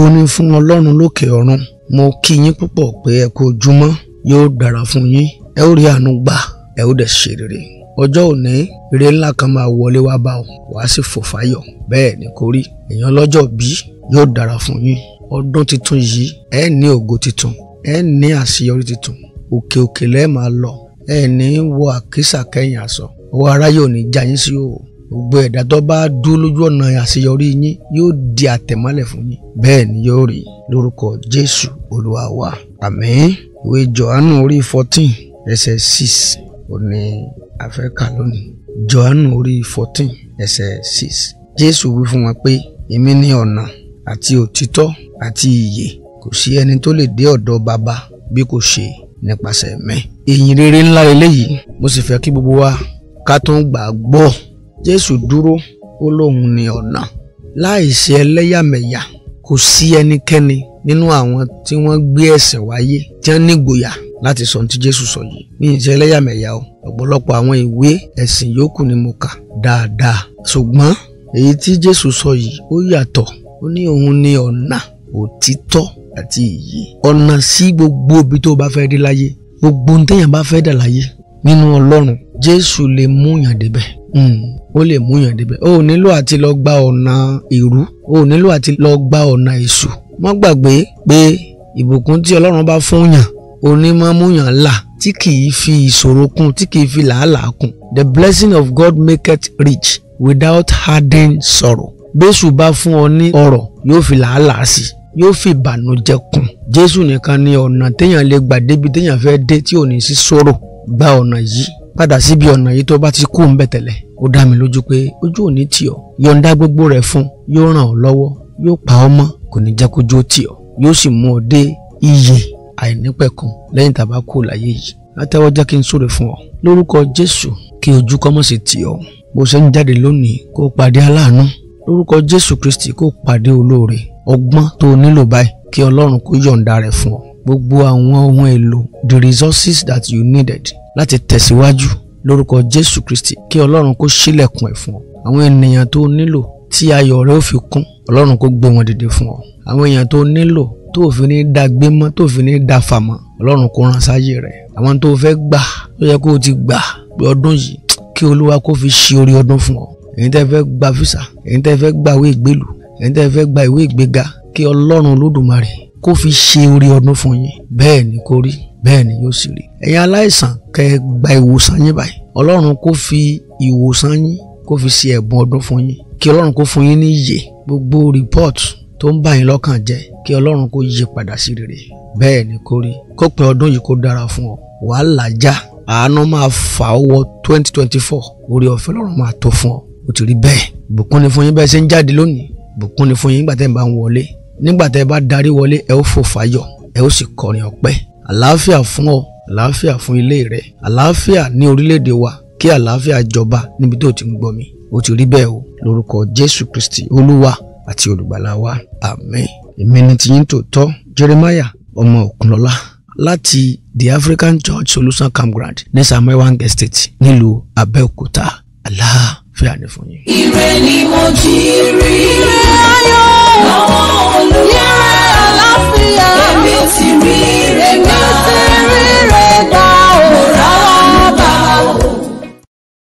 ògo ni fún ọlọ́run lókè ọ̀run mo kí yín púpọ̀ pé ẹ kú ojúmọ́ yóò dára fún yín ẹ ó rí àánú gbà ẹ ó dẹ̀ ṣe rere ọjọ́ òní ire ńlá kan máa wọlé wá bá ọ wàá sì fò fáyọ̀ bẹ́ẹ̀ ni kò rí èèyàn lọ́jọ́ bí yóò dára fún yín ọdún tuntun yìí ẹ ní ògo tuntun ẹ ní àṣeyọrí tuntun òkè òkè lẹ́ẹ̀ máa lọ ẹ ní wọ àkísà kẹ́yìn àṣọ ọwọ́ aráyé ò já yín sí òwò gbogbo ẹ̀dá tó bá dúró lójú ọ̀nà àṣeyọrí yín yóò di àtẹ̀mọ́lẹ̀ fún yín bẹ́ẹ̀ ni yóò rí lórúkọ jésù olúwa wa ìwé johannu orí fourteen ẹsẹ̀ six òní afẹ́kà lónìí johannu orí fourteen ẹsẹ̀ six jésù wí fún wa pé èmi ni ọ̀nà àti òtítọ́ àti ìyè kò sí ẹni tó lè dé ọ̀dọ̀ bàbá bí kò ṣe nípasẹ̀ mẹ́. ìyìn rere ńlá eléyìí mo sì fẹ́ kí gbogbo wa ká tó gbà gbọ́ Jésù dúró ó lóun ni ọ̀nà láìsí ẹlẹ́yàmẹ̀yà kò sí ẹnikẹ́ni nínú àwọn tí wọ́n gbé ẹ̀sẹ̀ wáyé tí wọ́n nígboyà láti sọ ohun tí Jésù sọ yìí mi ì ẹlẹ́yàmẹ̀yà o ọ̀pọ̀lọpọ̀ àwọn ìwé ẹ̀sìn yòókù ni mo kà dáadáa ṣùgbọ́n èyí tí Jésù sọ yìí ó yàtọ̀ ó ní òun ni ọ̀nà òtítọ́ àti ìyè ọ̀nà sí gbogbo ibi tó bá fẹ́ dé láyé gbogbo ohun téèyàn bá fẹ́ dà láyé nínú Ọlọ́run Jésù lè mú yàn débẹ̀ hmm ó lè múyàn débẹ̀ o ò nílò àti lọ gba ọ̀nà ìrú o ò nílò àti lọ gba ọ̀nà èṣù má gbàgbé pé ìbùkún tí ọlọ́run bá fún yàn òní là tí kìí fi ìṣòro kún tí kìí fi làálàá kún the blessing of God make it rich without harden sorrow bẹ́sù bá fún ọ ní ọrọ̀ yóò fi làálàá sí yóò fi ìbànújẹ́ kún jésù nìkan ni ọ̀nà téèyàn lè gbà débi téèyàn fẹ́ dé tí ò ní sí ṣòro gba ọ̀nà yìí padà síbi ọ̀nà yìí tó bá ti kú ńbẹ tẹ́lẹ̀ ó dá mi lójú pé ojú ò ní tì ọ́ yọ̀ǹda gbogbo rẹ̀ fún yóò ràn ọ́ lọ́wọ́ yóò pa ọ́ mọ́ kò ní jẹ́ kójú ó tì ọ́ yóò sì mú ọ dé iyè àìnípẹ̀kun lẹ́yìn tàbá kú láyé yìí látẹ́wọ́ jẹ́ kí n súre fún ọ lórúkọ Jésù kí ojú kọ́mọ̀ sí tì ọ́ bó ṣe ń jáde lónìí kó pàdé aláàánú lórúkọ Jésù Kristi kó pàdé olóore ọgbọ́n tó nílò báyìí kí Ọlọ́run kó yọ̀ǹda rẹ̀ fún ọ gbogbo àwọn ohun èlò the resources that you needed láti tẹ̀síwájú lórúkọ Jésù Kristi kí Ọlọ́run kó ṣílẹ̀kùn ẹ̀ fún ọ àwọn ènìyàn tó nílò tí ayọ̀ rẹ ó fi kún Ọlọ́run kó gbé wọn dìde fún ọ àwọn èèyàn tó nílò tó fi ní da gbé mọ́ tó fi ní da fà mọ́ Ọlọ́run kó rán sáyé rẹ àwọn tó fẹ́ gbà tó yẹ kó o ti gbà ọdún yìí kí Olúwa kó fi ṣe orí ọdún fún ọ èyí tẹ́ fẹ́ gba físà èyí tẹ́ fẹ́ gba ìwé ìgbélú èyí tẹ́ fẹ́ gba ìwé ìgbéga kí Ọlọ́run Olódùmarè kó fi ṣe orí ọdún fún yín bẹ́ẹ̀ ni kó rí bẹ́ẹ̀ ni yóò sì rí ẹ̀yin aláìsàn kẹ́ ẹ gba ìwòsàn yín báyìí ọlọ́run kó fi ìwòsàn yín kó fi ṣe ẹ̀bùn ọdún fún yín kí ọlọ́run kó fún yín ní ìyè gbogbo rìpọ́ọ̀tù tó ń bà yín lọ́kàn jẹ́ kí ọlọ́run kó yí padà sí rere bẹ́ẹ̀ ni kó rí kó pé ọdún yìí kó dára fún ọ wàá làjà àánú máa fà ó wọ twenty twenty four orí ọ̀fẹ́ ọlọ́run máa tó fún ọ ó ti rí bẹ́ẹ̀ bùkún ni fún yín nígbà tẹ́ ẹ bá darí wọlé ẹ ó fò fáyọ̀ ẹ ó sì kọrin ọpẹ́ àlàáfíà fún ọ àlàáfíà fún ilé rẹ àlàáfíà ní orílẹ̀-èdè wa kí àlàáfíà jọba níbi tó ti ń gbọ́ mi ó ti rí bẹ́ẹ̀ o lórúkọ Jésù Kristi olúwa àti olùgbàlà wa Amen. èmi ni tiyín tòótọ́ Jeremiah ọmọ Òkunlọ́lá láti the African Church Solution Campground ní Samuel Wang Estate nílùú Abẹ́òkúta àlàáfíà ni fún yín. ire ni mo jí rí ire ayọ̀.